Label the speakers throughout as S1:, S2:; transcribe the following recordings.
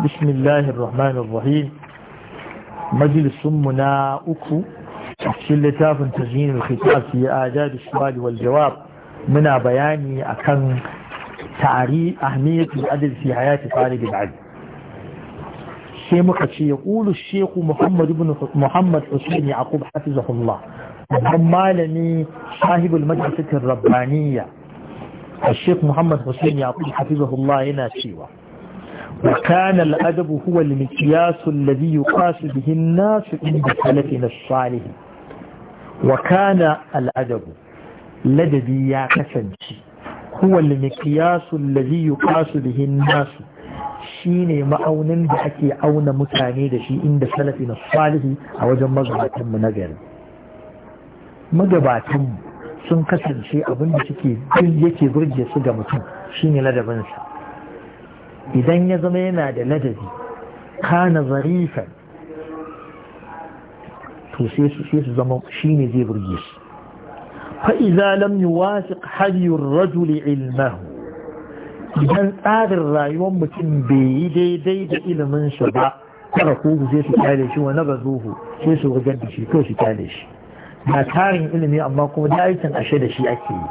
S1: بسم الله الرحمن الرحيم مجلس منا أكو شلتاف تزيين الخطاب في آداب السؤال والجواب منا بياني أكن تعريف أهمية الأدب في حياة طالب العلم شيخ يقول الشيخ محمد بن محمد حسين يعقوب حفظه الله مالني صاحب المدرسة الربانية الشيخ محمد حسين يعقوب حفظه الله هنا شيوه وكان الأدب هو المقياس الذي يقاس به الناس عند سلفنا الصالح وكان الأدب لدبي يا كسنشي هو المقياس الذي يقاس به الناس شيني معون بحكي عون متاني دشي عند سلفنا الصالح أوجه مزرعة منجر مجباتهم sun kasance abin da suke yake burge su ga mutum shine ladabinsa idan ya zama yana da ladabi kana zarifan to sai su zama shi ne zai burge su fa'iza lam yi wasu hajiyar rajuli ilmahu idan tsarin rayuwar mutum bai yi daidai da iliminsa ba tara kogu sai su kyale shi wani ba zuhu sai su wajen da shi su kyale shi na tarin ilimi amma kuma da aikin ashe da shi ake yi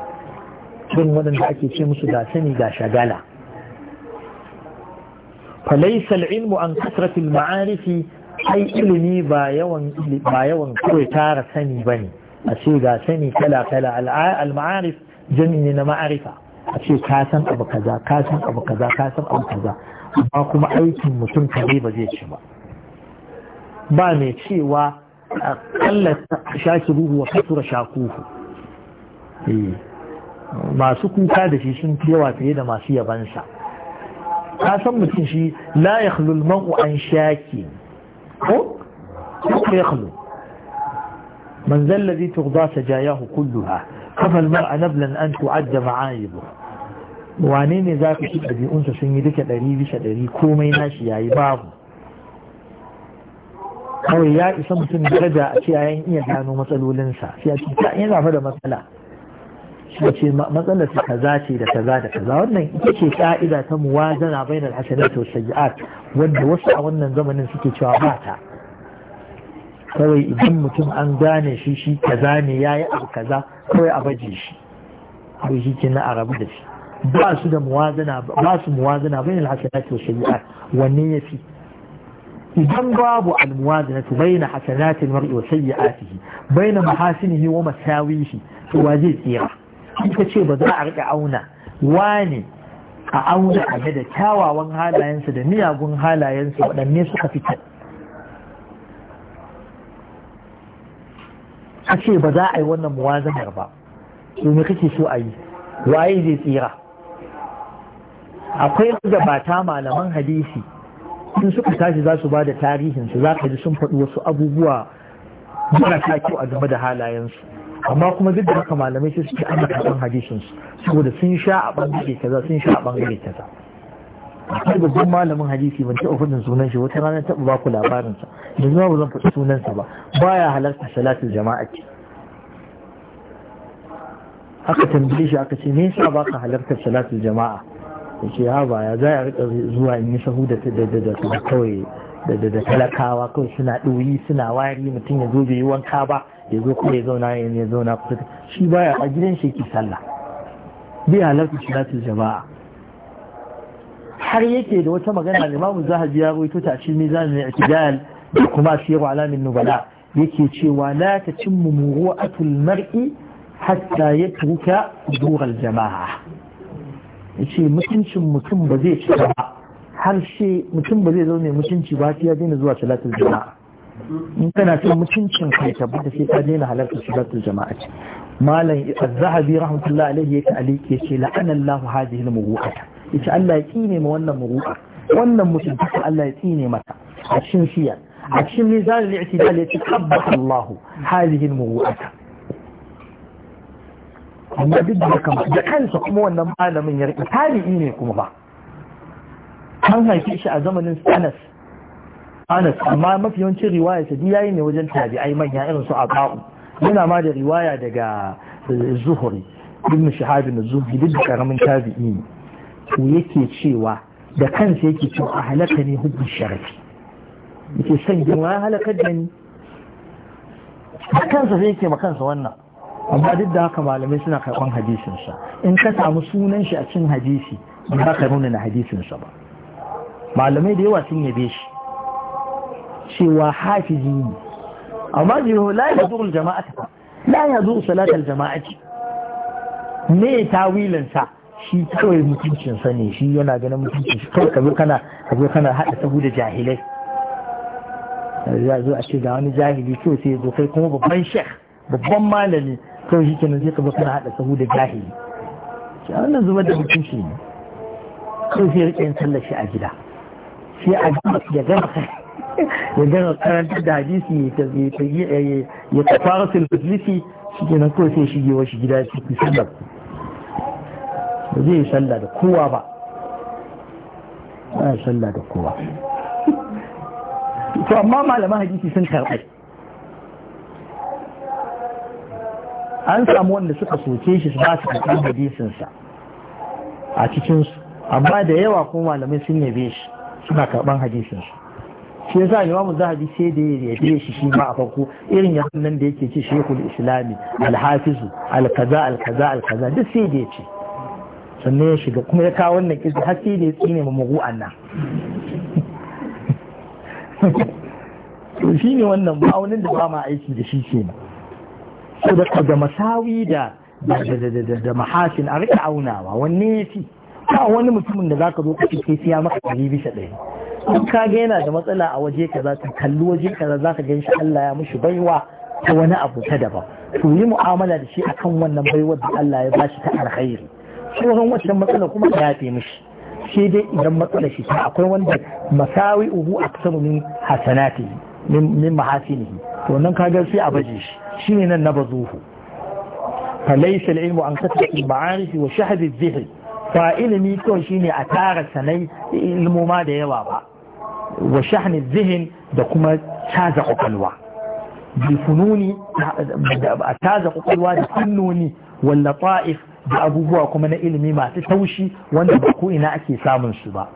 S1: cin waɗanda ake ce musu da sani ga shagala falaisa ilmu an kasratul ma'arifi ai ilimi ba yawan ba tara sani bane a ce ga sani kala kala al-ma'arif jami'i na ma'arifa a ce ka san abu ka san abu ka san abu amma kuma aikin mutum kare ba zai ci ba ba mai cewa akalla shakiruhu wa kasura shakuhu masu kuka da shi sun yawa fiye da masu yabansa ka san mutum shi la ya khulul an shaki ko ya khulu man zallazi tughda sajayahu kulluha kafa al-mar'a nablan an tu'adda ma'ayibu wane ne za ka ci ɗabi'unsa sun yi duka ɗari bisa ɗari komai nashi yayi babu kawai ya isa mutum daraja a ce yayin iya gano matsalolinsa sai a ce yana fa da matsala wace matsalar ta kaza ce da kaza da kaza wannan ita ce ka'ida ta muwazana bainar hasanat wa sayyi'at wanda wasu a wannan zamanin suke cewa ba ta kawai idan mutum an gane shi shi kaza ne yayi abu kaza kawai a baje shi abu shi kenan a rabu da shi ba su da muwazana ba su muwazana bainar hasanat wa sayyi'at wanne yafi idan babu almuwazanatu baina hasanatil mar'i wa sayyi'atihi baina mahasinihi wa masawihi to waje zai tsira in ce ba za a riƙa auna wani a auna a da kyawawan halayensu da miyagun halayensu waɗanne suka fitar? a ce ba za a yi wannan muwazanar ba me kake so a yi waye zai tsira akwai bata malaman hadisi in suka tashi za su ba da tarihinsu za ka ji sun faɗi wasu abubuwa marasa kyau a game da halayensu amma kuma duk da haka malamai sai suke ana karɓar hadisin su saboda sun sha a bangare kaza sun sha a bangare kaza akwai babban malamin hadisi ban taɓa faɗin sunan shi wata rana taɓa baku labarinsa yanzu ma ba zan faɗi sunansa ba baya halarta salatul jama'a ce aka tambaye shi aka ce me yasa ba ka halartar salatul jama'a ya ce ha baya za a rika zuwa in yi sahu da kawai da talakawa kawai suna ɗoyi suna wari mutum ya zo bai yi wanka ba ya zo kuma ya zauna ya ya zauna kusa shi baya a gidan shi yake sallah bi shi latin jama'a har yake da wata magana Imam Zahabi ya rawaito ta cikin Mizan al a da kuma Sirru Alamin Nubala yake cewa la a muru'atul mar'i hatta tuka zuwar jama'a ce mutuncin mutum ba zai ci ba har shi mutum ba zai zaune mutunci ba fiye ya zuwa talatin jama'a in kana son mutuncin kai tabbata sai ka daina halarta salatul jama'a ce malam az-zahabi rahmatullahi alaihi yake ke ce, la'ana Allah hadhihi al-muru'a yace Allah ya tsine ma wannan muru'a wannan mutuncin Allah ya tsine mata a cikin siya a cikin mizanin al-i'tidal yace qabbaha Allah hadhihi al-muru'a
S2: amma duk da kan da
S1: kansa kuma wannan malamin ya rika tabi'i ne kuma ba an haife shi a zamanin Anas anas amma mafi yawancin riwaya ta diya ne wajen tabi'ai manya irin su aqa'u yana ma da riwaya daga zuhuri ibn Shihab ibn zuhri duk karamin tabi'i to yake cewa da kansa yake cewa a halaka ne hubbu sharafi yake san wa halakar da ni kansa sai yake makansa wannan amma duk da haka malamai suna karɓar hadisinsa in ka samu sunan shi a cin hadisi ba ka nuna na hadisinsa ba malamai da yawa sun yabe shi cewa hafizi ne amma jiho la ya zuru jama'ata la ya zuru salatar jama'ati ne sa? shi kawai mutuncinsa ne shi yana ganin mutuncin shi kawai kazo kana kazo kana haɗa sabu da jahilai ya zo a ce ga wani jahili to sai ya zo kai kuma babban Sheikh, babban malami kawai shi kenan sai kazo kana haɗa sabu da jahili shi wannan zubar da mutunci ne kawai sai ya riƙe yin sallar shi a gida sai a gaba ya gama ya gana karanta da hadisi ya tafara sulfisi shi ke nan kawai sai shige wa shi gida shi fi sallar ba zai yi sallah da kowa ba ba ya sallah da kowa to amma malaman hadisi sun karɓai an samu wanda suka soke shi ba su karɓar hadisinsa a cikinsu amma da yawa kuma malamai sun yabe shi suna karɓar hadisinsu shi yasa imamu zahabi sai da ya yabe shi shi ma a farko irin yawan nan da yake ce shekul islami alhafizu alkaza alkaza alkaza duk sai da ya ce sannan ya shiga kuma ya kawo wannan kisa har sai da ya tsine ma magu'an nan to shi ne wannan ma'aunin da ba ma aiki da shi ke so da da masawi da da a rika aunawa wanne ya ci? ba wani mutumin da zaka zo ka ce sai ya maka ɗari bisa ɗaya in ga yana da matsala a waje kaza ka kalli waje kaza zaka ka gan shi Allah ya mushi baiwa ta wani abu ta daban to yi mu'amala da shi akan wannan baiwar da Allah ya bashi ta alkhairi sauran wancan matsala kuma ya fi mishi sai dai idan matsala shi ta akwai wanda masawi uhu aksamu min hasanati min mahasinihi to nan ka sai a baje shi shine nan na bazuhu فليس العلم عن كثرة المعارف وشهد الذهن فإلمي كون شيني أتارة سنين علمو ما ديوا بقى wa shahni zihin da kuma caza kwakwalwa bilfununi a caza kwakwalwa da fannoni walla ta'if da abubuwa kuma na ilimi masu taushi wanda ba ko ina ake samun su ba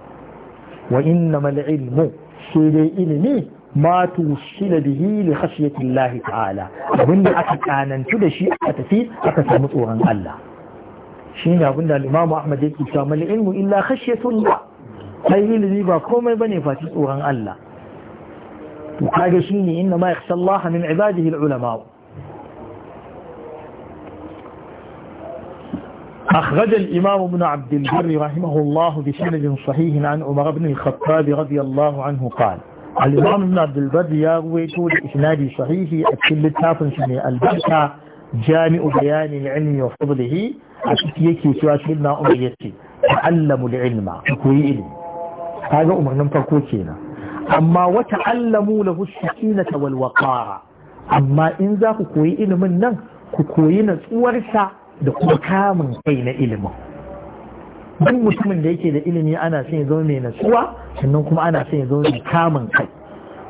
S1: wa inna mal ilmu sai dai ilimi ma tushila bihi li khashyati Allah ta'ala abinda aka kanantu da shi aka tafi aka samu tsoron Allah shine abinda al-Imam Ahmad yake cewa mal ilmu illa khashyatullah ai ilimi ba komai bane faci tsoron Allah to kaga shine inna ma yakhsha Allah min ibadihi al-ulama أخرج الإمام ابن عبد البر رحمه الله بسند صحيح عن عمر بن الخطاب رضي الله عنه قال الإمام ابن عبد البر يروي طول إسناد صحيح أكل التافن سنة البركة جامع بيان العلم وفضله أكتيكي سوى سيدنا أميتي تعلموا العلم كوي علم kaga umarnin farko kenan amma wata allamu lahu sakinata wal waqara amma in za ku koyi ilimin nan ku koyi sa da kuma kamun kai na ilimin duk mutumin da yake da ilimi ana son ya zama mai natsuwa sannan kuma ana son ya zama mai kamun kai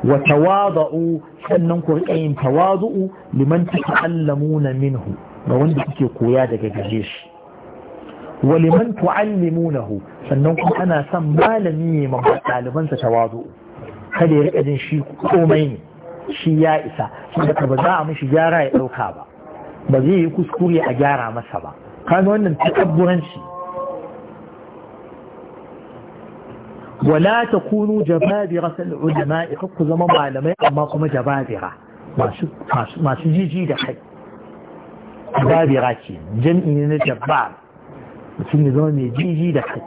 S1: wa tawadu sannan ku riƙa yin tawazu'u liman ta'allamuna minhu ga wanda kuke koya daga gare shi ولمن تعلمونه فنو أنا سنبالني من تعلمان ستواضع هل يرئذن شيء قومين شيء يائسة سنبت بزاعة من شجارة يتوكابة بذي يكو سكوري أجارة مسابة قالوا أنهم تكبرن شيء ولا تكونوا جبابرة العلماء حق زمان معلماء أما كما جبابرة ماشي شجي جيد حي جبابرة جمعين الجبار mutum ya zama mai jiji da kai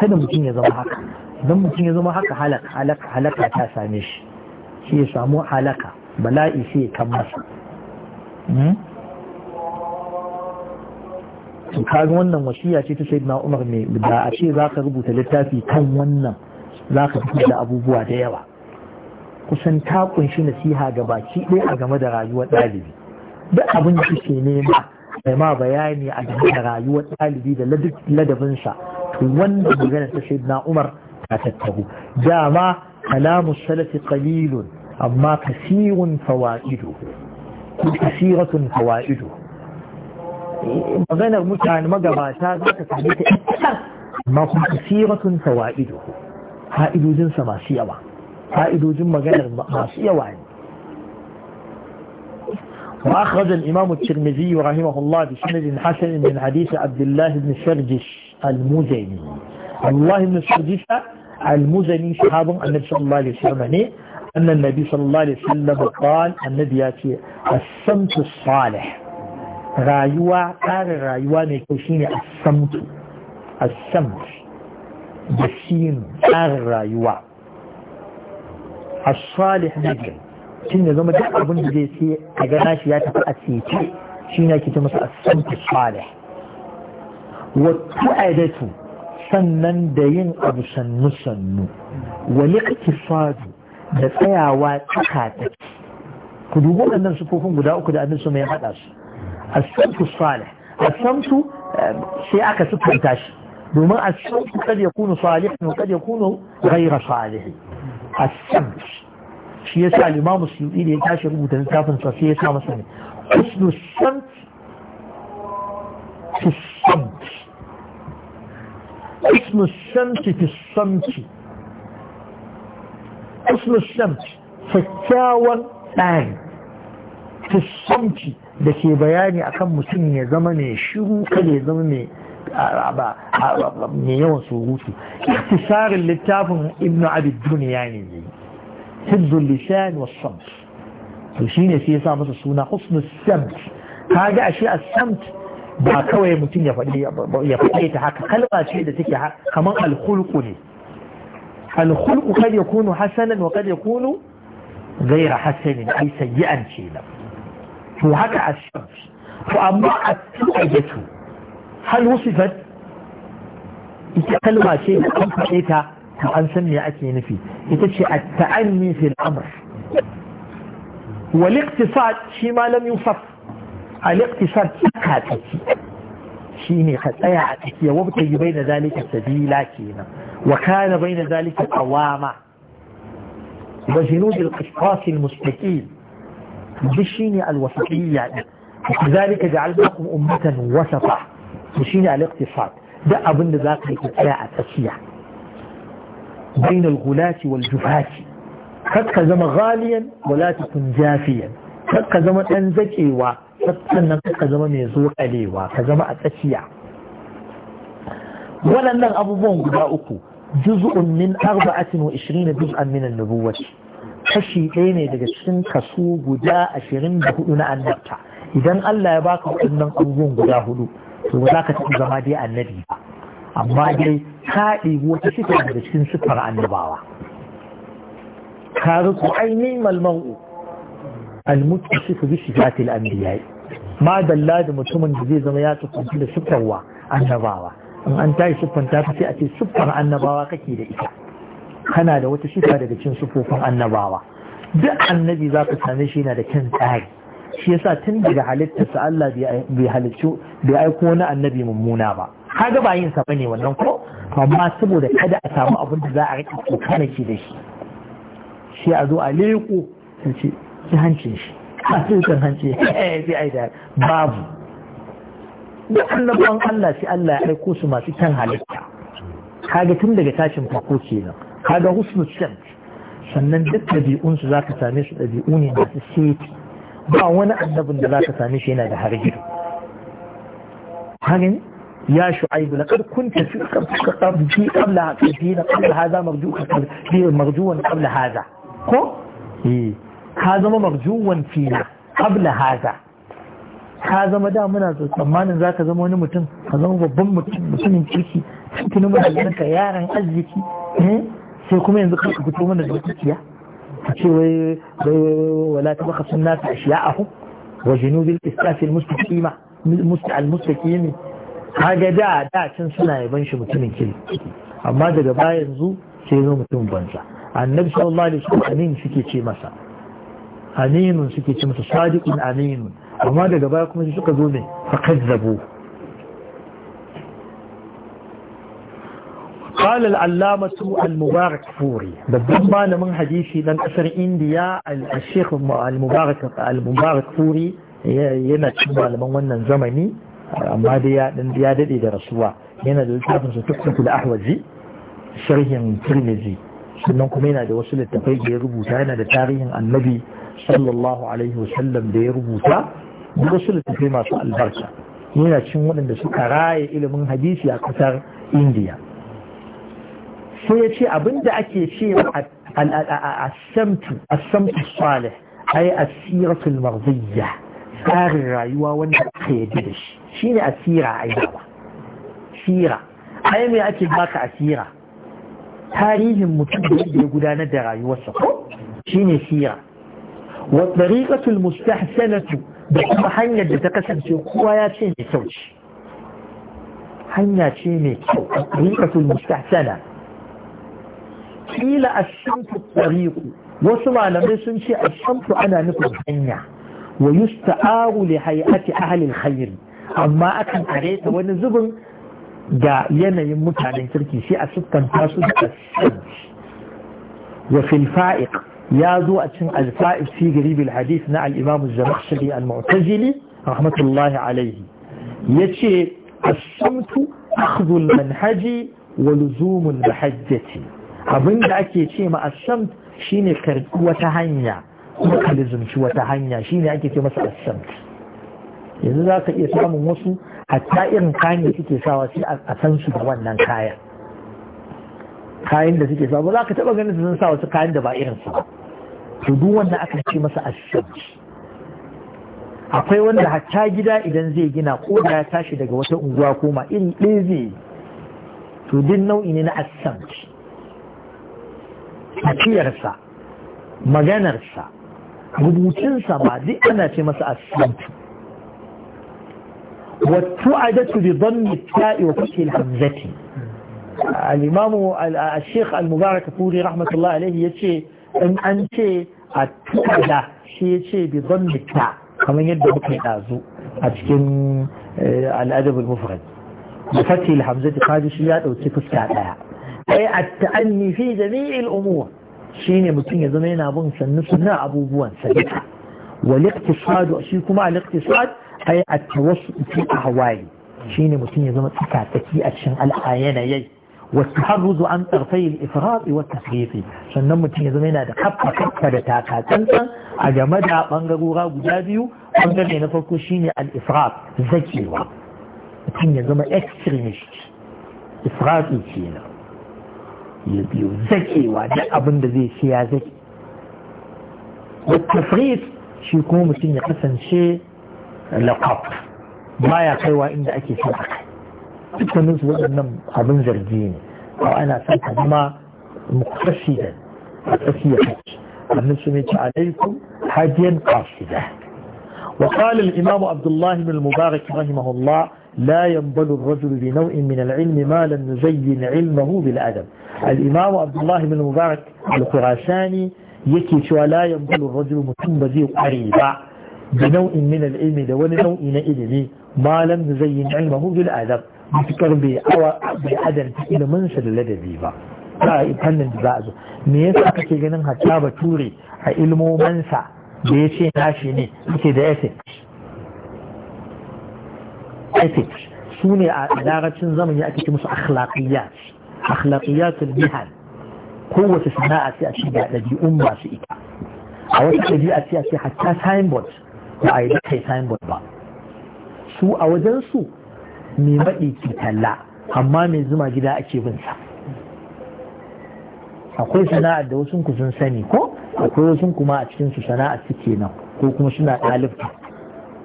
S1: kada mutum ya zama haka idan mutum ya zama haka halaka halaka ta same shi shi ya samu halaka bala'i sai ya kan masa hmm? to kaga wannan wasiya ce ta sayyidina Umar mai da a ce zaka rubuta littafi kan wannan zaka fitar da abubuwa da yawa kusan ta kunshi nasiha ga baki ɗaya a game da rayuwar ɗalibi duk abin da kike nema ma bayani a game da rayuwar ɗalibi da ladabinsa to wanda magana ta sayyidina Umar ta tattabu dama kalamu salafi qalilun amma kasirun fawaidu ko kasiratun fawaidu eh, maganar mutane magabata za ka same ta ita amma kuma kasiratun fawaidu fa'idojinsa masu yawa fa'idojin maganar masu yawa ne وأخرج الإمام الترمذي رحمه الله بسند حسن من حديث عبد الله بن سرجس المزني الله بن سرجس المزني صحاب النبي صلى الله عليه وسلم يعني أن النبي صلى الله عليه وسلم قال النبي ياتي الصمت الصالح رايوة قال رايوة ميكوشيني الصمت الصمت بسين قال رايوة الصالح نجل mutum ya zama duk abin da zai sai a gana shi ya tafi a cece shi ne ake ce masa a san tashale wata aidatu sannan da yin abu sannu sannu wani iktifadu da tsayawa tsaka tsaki ku dubi waɗannan sufofin guda uku da annabi sama ya haɗa su as-samtu salih as-samtu eh, sai aka sufanta shi domin as-samtu kad yakunu salihan wa kad yakunu ghayra salih as-samtu shi ya sa limamu suyuɗi da ya tashi rubuta littafin sa sai ya sa masa ne husnu samt fi samt husnu samt fi samt husnu samt kyakkyawan tsari fi samt da ke bayani akan mutum ya zama ne shiru kada ya zama mai yawan surutu iktisarin littafin ibnu abid duniya ne حفظ اللسان والصبر to shine sai ya sa masa suna husnul samt kaga ashe as-samt ba kawai mutum ya faɗi ya faɗi ta haka kalma ce da take kamar al-khulqu ne al-khulqu kad yakunu hasanan wa kad yakunu ghayra hasanin ai sayyi'an ce nan to haka as-samt to amma at-tayyatu hal wasifat ita kalma ce da an faɗe ta to an san me ake nufi ita ce a ta'anni fil amr wal iqtisad shi ma lam yusaf al iqtisad ka tsaki shine ka tsaya a tsakiya wa ta yi baina zalika sabila kenan wa kana da zalika qawama wa junud al qisqas al mustaqim shine al wasatiyya لذلك جعلناكم أمة وسطة وشين على الاقتصاد ده أبن ذاك يكون على أساسية بين الغلاة والجفاة كك زما غاليا ولا تكن جافيا zama ɗan تنزكيوا sannan ka zama mai zokalewa ka zama a tsakiya waɗannan abubuwan guda uku juz'un min arba'atin wa ishirin juz'an min annubuwati kashi ɗaya ne daga cikin kaso guda ashirin da hudu na annabta idan Allah ya baka waɗannan abubuwan guda hudu to ba za ka taɓa zama dai annabi ba amma dai ka ɗibi wata sifa daga cikin sifar annabawa ka rufu ainihin malmau almutasifu bi sifatil anbiya ma dalla da mutumin da zai zama ya tsufanci da sifarwa annabawa in an tayi siffanta ta sai a ce siffar annabawa kake da ita kana da wata sifa daga cikin sufofin annabawa duk annabi za ka same shi yana da kyan tsari shi yasa tun daga halittarsa Allah bai bai aiko wani annabi mummuna ba kaga ba yin sa bane wannan ko amma saboda kada a samu abin da za a rika kokana ke da shi shi a zo a leko sai ce ki hancin shi a tutar hanci sai ai da babu da annabawan Allah shi Allah ya aiko su masu kyan halitta kaga tun daga tashin farko kenan kaga husnu shams sannan duk ɗabi'un su ka same su ɗabi'u ne masu seti ba wani annabin da za ka same shi yana da hargido haka يا شعيب لقد كنت في قبل دين قبل هذا مرجوك مرجوا قبل هذا كو هذا ما مرجوا فينا قبل هذا ka zama da muna tsammanin za zama wani mutum ka zama babban mutumin kirki cikin mutanen ka yaran arziki sai kuma yanzu ka fito mana da dukiya ka ce wai wala ta baka sunna ta ashiya ahu wa junubil istafil mustaqima mustaqil mustaqimi kaga da da can suna yaban shi mutumin kirki amma daga baya yanzu sai zo mutum banza annabi sallallahu alaihi wasallam amin suke ce masa aminun suke ce masa sadiqun aminun amma daga baya kuma suka zo ne fa kazzabu قال العلامة المبارك فوري بالضبط من حديثي لن أسر إنديا الشيخ المبارك المبارك فوري ينتشب على من ونن زمني amma dai ya dan ya dade da rasuwa yana da littafin sa tukkatul ahwazi sharhin tirmidhi sannan kuma yana da wasu littafai da ya rubuta yana da tarihin annabi sallallahu alaihi wasallam da ya rubuta da wasu littafai masu albarka yana cin waɗanda suka raye ilimin hadisi a ƙasar indiya sai ya ce abinda ake ce asamtu asamtu salih ai asiratul marziyya tsarin rayuwa wanda aka yadda da shi shine asira ai ba sira ai me ake baka asira tarihin mutum da ya gudanar da rayuwarsa ko shine sira wa tariqatul mustahsanatu da kuma hanyar da ta kasance kowa ya ce mai kyau ce hanya ce mai kyau tariqatul mustahsana kila ashamtu tariqu wasu malamai sun ce ashamtu ana nufin hanya wa yusta'aru li hay'ati ahli alkhair amma akan kare ta wani zubin da yanayin mutanen kirki sai a siffanta su da wa fil fa'iq ya zo a cin al-fa'iq fi garib al-hadith na al-imam az-zamakhshari al-mu'tazili rahmatullahi alayhi yace as-samtu akhdhu al-manhaji wa luzum al-mahajjati abinda ake ce ma as-samt shine karɓi wata hanya kuma ka wata hanya shine ake ce masa as-samt yanzu za ka iya samun wasu hatta irin kayan da suke sawa sai a san su da wannan kaya kayan da suke sawa ba za ka taba ganin su sun sa wasu kayan da ba irin su ba to duk wanda aka ce masa ashabci akwai wanda hatta gida idan zai gina ko da ya tashi daga wata unguwa koma iri ɗaya zai yi to duk nau'i ne na asabci tafiyarsa maganarsa rubutunsa ma duk ana ce masa asabci والتعدة بضم التاء وفتح الحمزة الإمام الشيخ المبارك فوري رحمة الله عليه يتشي إن أنت التعدة شيء يتشي بضم التاء كما يدى بكي نازو أتكن الأدب المفرد بفتح الحمزة قادي شيئات أو تفسك أي التأني في جميع الأمور شيني متين يزمين أبون سنسنا أبو بوان سنسنا والاقتصاد وشيكما الاقتصاد ai a tawassu fi ahwali shine mutum ya zama tsaka tsaki a cikin al'ayana yayi والتحرز عن طرفي الإفراط والتفريط sannan mutum ya zama yana da kafa kafa da taka tsantsan a game da bangarora guda biyu bangare na farko shine al-ifrat zakewa mutum ya zama extremist ifrati kenan ya biyu zakewa da abin da zai ce ya zake
S2: والتفريط
S1: shi kuma mutum ya kasance laqab baya kaiwa inda ake son a kai dukkanin su waɗannan abin zargi ne ko ana son ka zama muqtasidan a tsakiyar hajji وقال الإمام عبد الله بن المبارك رحمه الله لا ينبل الرجل بنوع من العلم ما لم نزين علمه بالأدب الإمام عبد الله بن المبارك الخراساني يكي شوى لا ينبل الرجل متنبذي قريبا da nau'in min ilmi da wani nau'i na ilimi malam da zai yi ilmahu bil adab mutukar bai awa bai adanta iliminsa da ladabi ba ba a fannin da za a zo me yasa kake ganin hatta bature a sa da ya nashi ne ake da ethics ethics su ne a larabcin zamani ake ce musu akhlaqiyat akhlaqiyatul bihan kowace sana'a sai a ga ɗabi'un masu ita a wata ɗabi'a sai a ce hatta signboard ba a yi da kai ba su a su mai maɗi ke talla amma mai zuma gida ake bin sa akwai sana'ar da wasu ku sun sani ko akwai wasu kuma a cikin su sana'ar suke nan ko kuma suna ɗalibta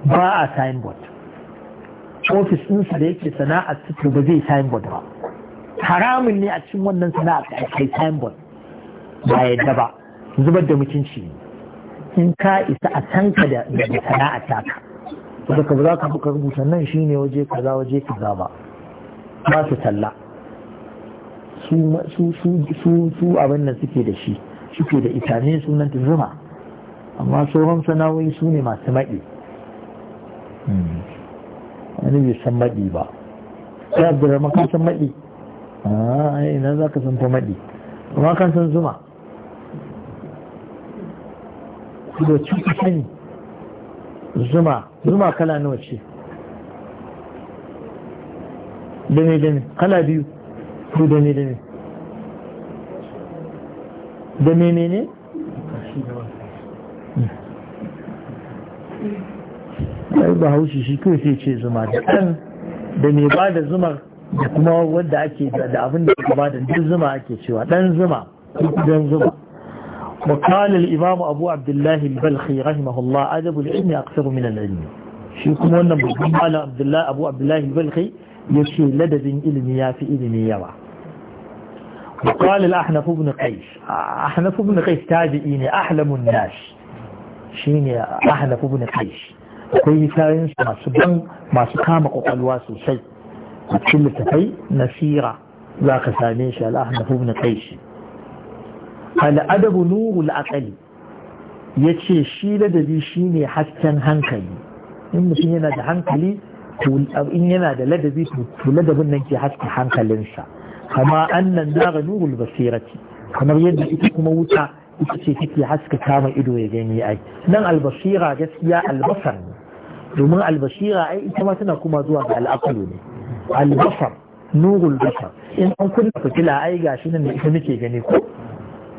S1: ba a signboard ofis ɗinsu da yake sana'ar suke ba zai signboard ba haramun ne a cikin wannan sana'a da ake signboard yadda ba zubar da mutunci ne in ka isa a tanka da sana'a taka saboda ka za ka buka rubuta nan ne waje kaza waje kaza ba ba su talla su abin nan suke da shi suke da ita ne sunan ta zuma amma sauran sana'o'i su ne masu maɗi hmm. wani bai san maɗi ba sai abdurrahman kan san maɗi a ah, ina za ka san ta maɗi amma kan san zuma kilo cuta ne zuma zuma kala nawa ce dame dame kala biyu ko dame dame dame ne ne ai ba haushi shi kai sai ce zuma da ɗan da mai ba da zuma da kuma wadda ake da abin da ba da duk zuma ake cewa ɗan zuma ɗan zuma وقال الإمام أبو عبد الله البلخي رحمه الله أدب العلم أكثر من العلم شكرا لنبو قال عبد الله أبو عبد الله البلخي يشي لدد إلمي في إلمي يرى وقال الأحنف بن قيس أحنف بن قيس تابعيني أحلم الناس شين أحنف بن قيش قيش ينسى ما سبن ما سقامك وقلواس شيء وكل تفي نسيرة لا قسامي شاء الأحنف بن قيس. al'adabu nurul aqali yace shi ladabi shine hasken hankali in mutum yana da hankali in yana da ladabi to ladabin nan ke haske hankalinsa kama annan daga nurul basirati kamar yadda ita kuma wuta ita ce take haska kama ido ya gani ai nan albasira gaskiya albasar ne domin albasira ai ita ma tana kuma zuwa ga al'aqlu ne albasar nurul basar in an kunna fitila ai gashi nan da ita muke gani ko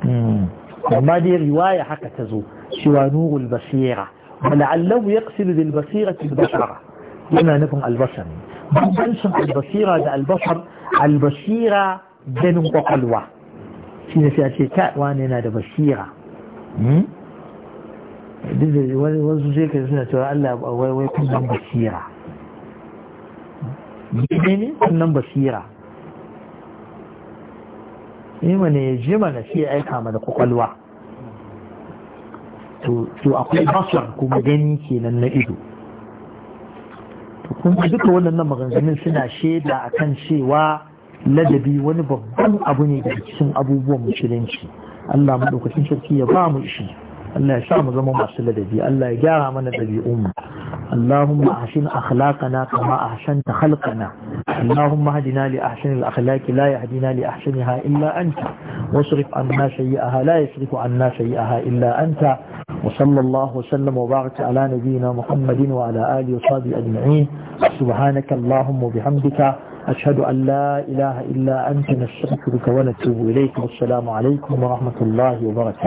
S1: Hmm. amma dai riwaya haka ta zo cewa nurul basira la'allahu yaqsidu bil basirati al basara yana nufin al basar bambancin al da al basar al basira ganin sai a ce wani yana da basira hmm? wasu sai ka suna cewa Allah wai wai kunnan basira ne ne kunnan basira ima mana ya ji mana shi ya aika mana kwakwalwa to akwai basuwar kuma gani kenan na ido kuma duka waɗannan maganganun suna shaida a kan cewa ladabi wani babban abu ne daga cikin abubuwan musulunci Allah maɗaukacin sarki ya ba mu shi Allah ya sa mu zama masu ladabi Allah ya gyara mana ɗabi'un mu اللهم أحسن أخلاقنا كما أحسنت خلقنا اللهم اهدنا لأحسن الأخلاق لا يهدينا لأحسنها إلا أنت واصرف عنا سيئها لا يصرف عنا سيئها إلا أنت وصلى الله وسلم وبارك على نبينا محمد وعلى آله وصحبه أجمعين سبحانك اللهم وبحمدك أشهد أن لا إله إلا أنت نستغفرك ونتوب إليك والسلام عليكم ورحمة الله وبركاته